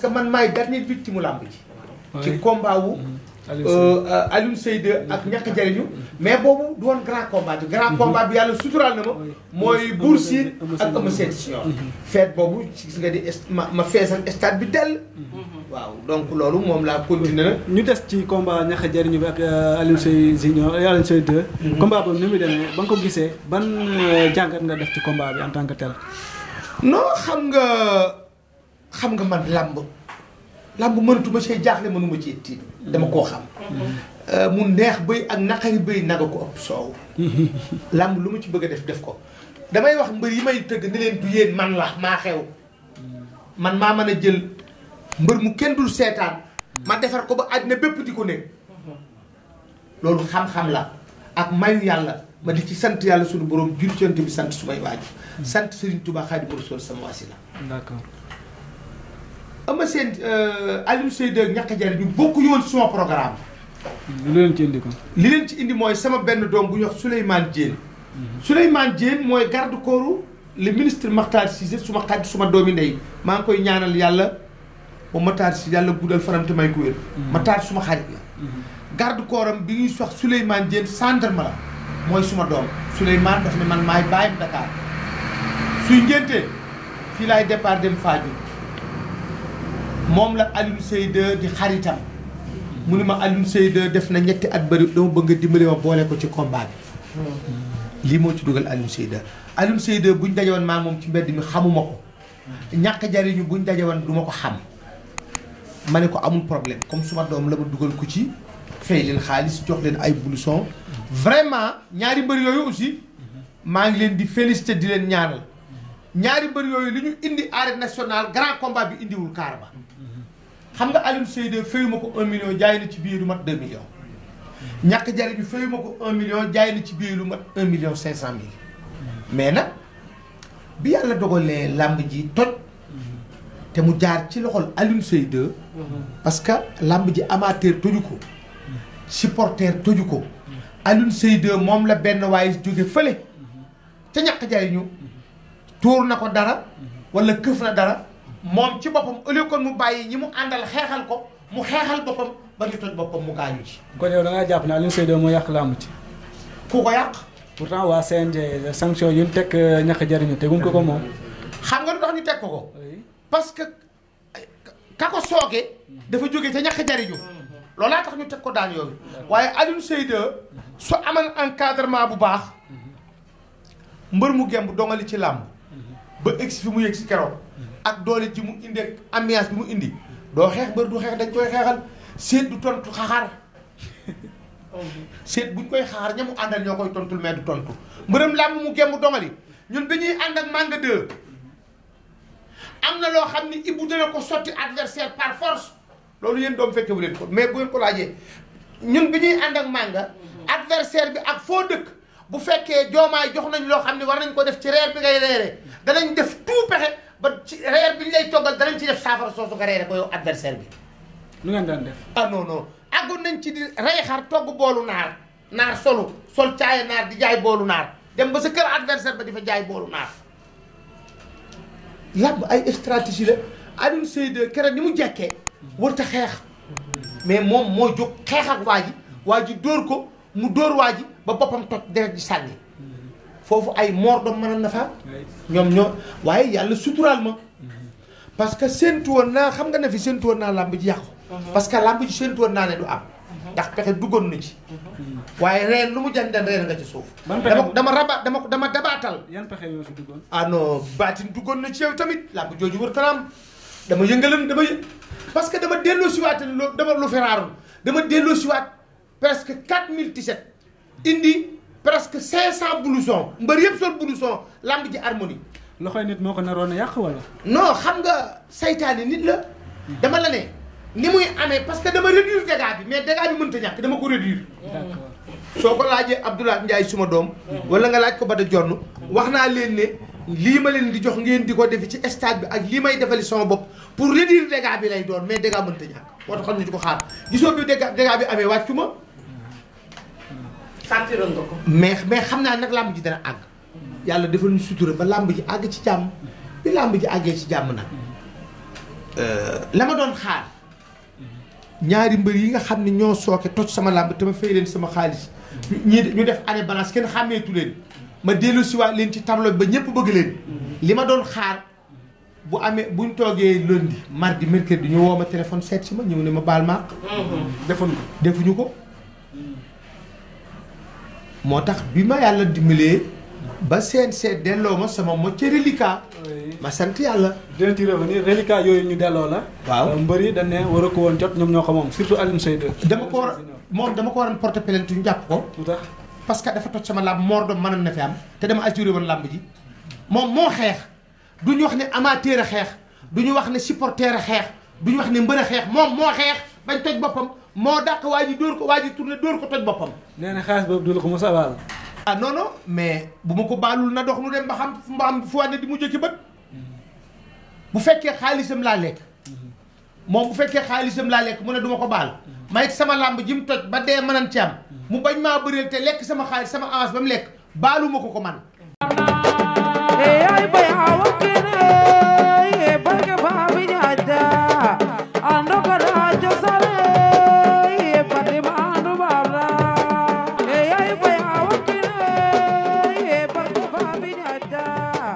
parce que man maay dernier victime mu làmb ji ci combat wu mhm. euh, euh, Alioune Seyde ak ñaq jariñu mais boobu du woon grand combat bi grand mhm. combat bi yàlla suturaal na ma mooy Bour Sine ak Eumeu Sène Junior mhm. feet boobu ci gis nga di ma ma feesal stade bi dell waaw donc loolu moom laa continué ñu des ci combat ñàkk jariñu bi ak euh, Alioune Sèye Junior Alioune ni muy demee ba nga ko gisee ban jàngat nga def ci combat bi en tant que tel non xam nga xam nga man làmb làmb mënatuma see jaaxle ma cee tiit dama koo xam euh, mu neex bëy ak naqari bëy naga ko ëpp soow làmb lu ma ci bëgg a def def ko damay wax mbër yi may tëgg ni leen du yéen man la maa xew man maa mën a jël mbër mu kenn dul seetaan ma defar ko ba àddina bépp di ko nekk loolu xam-xam la ak mayu yàlla ma di ci sant yàlla suñu borom jur bi sant su may waaju hmm. sant Serigne Touba Xaadimu Rasuul sama wasila d'accord Eumeu Sène euh, Alioune Sèye 2 ñàkk bi bokk yoon suma programme lu li leen ci indi mooy sama benn doom bu ñuy wax Souleymane Diène mhm. Souleymane Diène mooy garde corps le ministre Makhtar Cissé suma xarit suma doom yi ndey maa ngi koy ñaanal yàlla moom Makhtar si yàlla guddal faram te may ko wér mhm. Makhtar suma xarit la mhm. garde corps am bi ñuy sox Souleymane Diène gendarme la mooy suma doom Souleymane daf ne man maay bàyyam Dakar suy ngéntee fii laay départ dem Fadiouth moom la Alioune Seye di xaritam mu ne ma Alioune Seye def na ñetti at bëri dama bëgg a dimbali ma boole ko ci combat bi lii moo ci dugal Alioune Seye 2 seyde buñ dajewoon maa moom ci mbedd mi xamuma ko ñàkk jariñu buñ dajewoon du ma ko xam ma ne ko amul problème comme suma doom la ma dugal ko ci fay leen xaalis jox leen ay blouson vraiment ñaari mbër yooyu aussi maa ngi leen di félicité di leen ñaanal ñaari mbër yooyu li ñu indi arène nationale grand combat bi indiwul kaar xam nga Alioune Seye de ko 1 million jaay na ci biir lu mat 2 millions. ñàkk jari bi fayu ko 1 million jaay na ci biir lu mat 1 million 500 mille. mais nag bi yàlla dogalee làmb ji toj. te mu jaar ci loxol Alioune Seye 2. parce que làmb ji amateur toju ko. supporter toju ko. Alioune Seye moom la benn waaye jóge fële. ca ñàkk jariñu tuur na ko dara. walla këf na dara. moom ci boppam au kon mu bàyyi ñi mu àndal xeexal ko mu xeexal boppam ba ñu toj boppam mu gaañu ci. ko yow da jàpp ne Alioune Seye 2 moo yàq làmb ci. ku ko yàq. pourtant waa CNG sanction yu ñu teg euh, ñàkk jariñu te teguñ ko ko moom. xam nga lu tax ñu teg ko ko. parce que ka ko sooke. dafa jóge ca ñàkk jariñu loolaa tax ñu teg ko daan yooyu. waaye Alioune Seye 2 su amal encadrement bu baax. mbër mu gemb dongali ci làmb. ba egg fi mu yegg si ak doole ji mu indi ak ambiance bi mu indi doo xeex mbër du xeex dañ koy xeexal seet du tontu xaxaar seet buñ koy xaxaar ñamu àndal ñoo koy tontu tontul mais du tontu mbërëm làmb mu gemmu dongali ñun dañuy ànd ak Manga 2 am na loo xam ni Ibou dana ko sotti adversaire par force loolu yéen doom fekkewu leen ko mais bu ngeen ko laajee ñun bi ñuy ànd ak Manga adversaire bi ak foo dëkk bu fekkee joomaay jox nañ loo xam ne war nañ ko def ci reer bi ngay reeree danañ def tout pexe ba ci reer bi ñu lay toggal danañ ci def saafara soosu nga reere ko yow adversaire bi. nu ngeen daan def. ah non non àggoon nañ ci di rey xar togg boolu naar naar solu sol caaya naar di jaay boolu naar dem ba sa kër adversaire ba di fa jaay boolu naar. làmb ay stratégie la Alioune Seye de keroog ni mu jekkee warut xeex mais moom moo jóg xeex waa ji waa ji dóor ko mu dóor waa ji ba boppam toj de ji sànni foofu ay moor doom mënoon na fa ñoom ñoo waaye yàlla suturaal ma parce que séentu woon naa xam nga ne fi séentu woon naa làmb ji yàqu mhm. parce que làmb ji séentu naa ne du am mhm. ndax pexe duggoon na ci mhm. waaye reen lu mu janden reen nga ci suuf dama dama raba dama dama dabaatal yan pexe yoo si duggoon ah non baatin duggoon na ci yow tamit làmb jooju wër kanam dama yëngalan dama yë parce que dama delloo siwaat dama lu feraaroon dama delloo siwaat presque 4017 indi presque 500 blouson mbër yëpp sol blouson lamb ji harmonie. loxoy nit moo ko naroon a yàq wala. non xam nga saytaane nit la dama la ne ni muy amee parce que dama réduire dégâts bi mais dégâts bi mënta ñàkk dama ko réduire. soo ko laajee Abdoulaye Ndiaye suma doom. wala nga laaj ko Bada Jonn wax naa leen ne lii ma leen di jox ngeen di ko defi ci stade bi ak lii may defali sama bopp pour réduire dégâts bi lay doon mais dégâts mënta ñàkk ko xaar gisoo bi amee wàccu ma. sàttiroon nga ko. mais mais xam naa nag làmb ji dana àgg. yàlla defal ñu sutura ba làmb ji àgg ci jàmm bi làmb ji àggee ci jàmm nag. Euh, la ma doon xaar ñaari mbër yi nga xam ne ñoo sooke toj sama làmb te ma fay leen sama xaalis. ñii ñu def année balance kenn xàmmeetu leen. ma dellu siwaat leen ci tableau ba ñëpp bëgg leen. li ma doon xaar bu amee buñ toogee lundi mardi mercredi ñu woo ma téléphone seet si ma ñëw ne ma baal ma mm-hmm. defuñu defuñu ko. moo tax bi ma yàlla dimbalee ba CNC delloo ma sama mocc reliquat ma sant yàlla. dinañ ci revenir reliquat yooyu ñu delloo la. waaw euh, mbër yi dañ war a ko woon jot ñoom ñoo ko moom surtout Alioune Seye dama ko war moom dama ko waroon porter plainte ñu jàpp ko. parce que dafa toj sama làmb moor doom mënoon na fi am te dama assuré woon làmb ji moom moo xeex du ñu wax ne amateur a xeex du ñu wax ne supporter a xeex. duñu wax ne mbër a xeex moom moo xeex bañ toj boppam moo dàq waa ji dóor ko waa ji tourné dóor ko toj boppam. nee na xaalis boobu dul ko mos a baal. ah non non mais bu ma ko baalul na dox nu dem ba xam mba xam fu wane di mujj ci bët bu fekkee xaalisam laa lekk moom bu fekkee xaalisam laa lekk mu ne du ko baal may sama làmb ji mu toj ba dee mënan ci am mu bañ maa bëreel te lekk sama xaalis sama avance ba mu lekk baalu ma ko ko man.